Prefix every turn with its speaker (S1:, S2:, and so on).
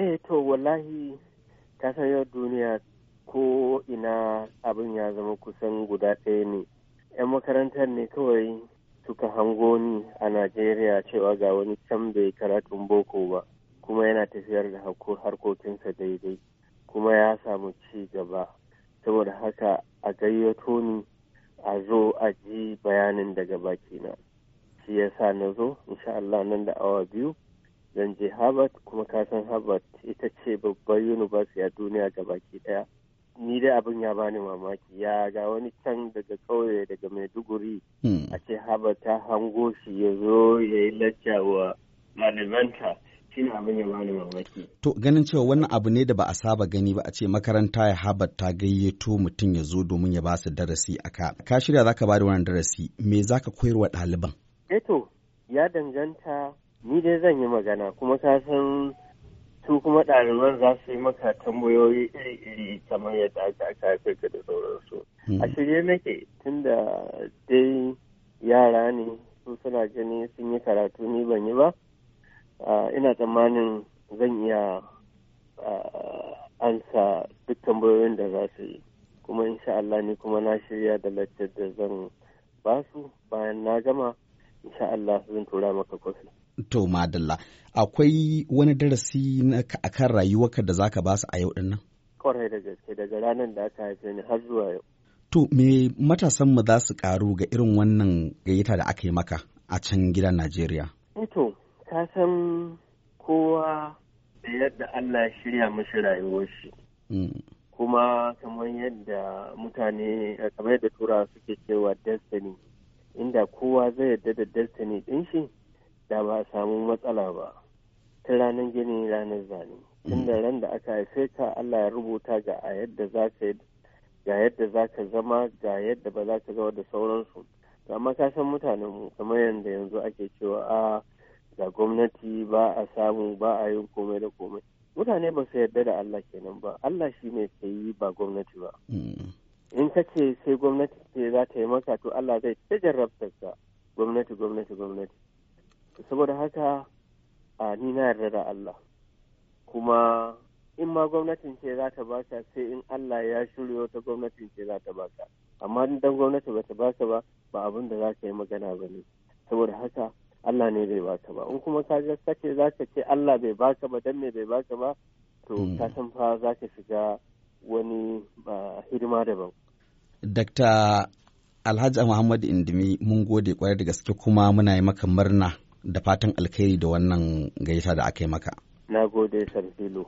S1: eh to wallahi ta duniya ko ina abin ya zama kusan guda ɗaya ne 'yan makarantar ne kawai suka hango ni a najeriya cewa ga wani can bai karatun boko ba kuma yana tafiyar da harkokinsa daidai kuma ya samu ci gaba saboda haka a gayyato ni a zo a ji bayanin daga bakina shi yasa na zo insha Allah nan da awa biyu harvard kuma ka san harvard ita ce babbar university a duniya baki daya ni dai abin ya bani mamaki ya ga wani can daga kauye daga maiduguri hmm. a ce harvard ta hango shi ya zo ya yi lacca wa malamanta shi ne abin ya bani mamaki
S2: to ganin cewa wannan abu ne da ba a saba gani ba a ce makaranta ya harvard ta gayyato mutum ya zo domin ya ba su darasi a ka shirya ka ba da wannan darasi me za zaka koyarwa ɗaliban
S1: eto eh ya danganta ni dai zan yi magana kuma ka san su kuma ɗaliban za su yi maka tambayoyi iri-iri kamar yadda aka aka ka da sauransu hmm. a shirye nake da dai yara ne su suna gani sun yi karatu ni ban yi ba ina tsammanin zan iya ansa duk tambayoyin da za su yi kuma insha Allah ni kuma na shirya da lattar da zan basu bayan na gama insha Allah zan tura maka kwafi.
S2: To madalla, akwai wani darasi a kan rayuwarka da zaka basu a yau dinnan?
S1: Kwarai da gaske daga ranar da aka haife ni har zuwa yau.
S2: To me matasan mu za su karu ga irin wannan gayyata da aka yi maka a can gidan Najeriya?
S1: Eh to, ka san kowa da yadda Allah ya shirya mashi rayuwar shi. Mm. Kuma kamar yadda mutane, kamar yadda turawa suke cewa destiny, inda kowa zai yarda da destiny ɗin shi. da ba a samu matsala ba ta ranar gini ranar zane tun da mm. ran da aka haife ka Allah ya rubuta ga a yadda za ka ga yadda za ka zama ga yadda ba za ka zama da sauransu amma ka san mutanen mu kamar yadda yanzu ake cewa a ga gwamnati ba a samu ba a yin komai da komai mutane ba su yarda da Allah kenan ba Allah shi ne ke yi ba gwamnati ba mm. in ka ce sai gwamnati ce za ta yi maka to Allah zai ta jarrabta gwamnati gwamnati gwamnati saboda haka a ni na yarda da Allah kuma in ma gwamnatin ce za ta basa sai in Allah ya shirya wata gwamnatin ce za ta basa amma in dan gwamnati ba ta baka ba ba abin da za ka yi magana ba ne saboda haka Allah ne bai baka ba in kuma ka ga kace za ka ce Allah bai baka ba dan me bai basa ba to hmm. ka san fa za ka shiga wani hidima daban
S2: Dr. Alhaji Muhammad Indimi mun gode kwarai da gaske kuma muna yi maka murna da fatan alkhairi da wannan gaisa da aka yi maka.
S1: Na gode Sarfilo.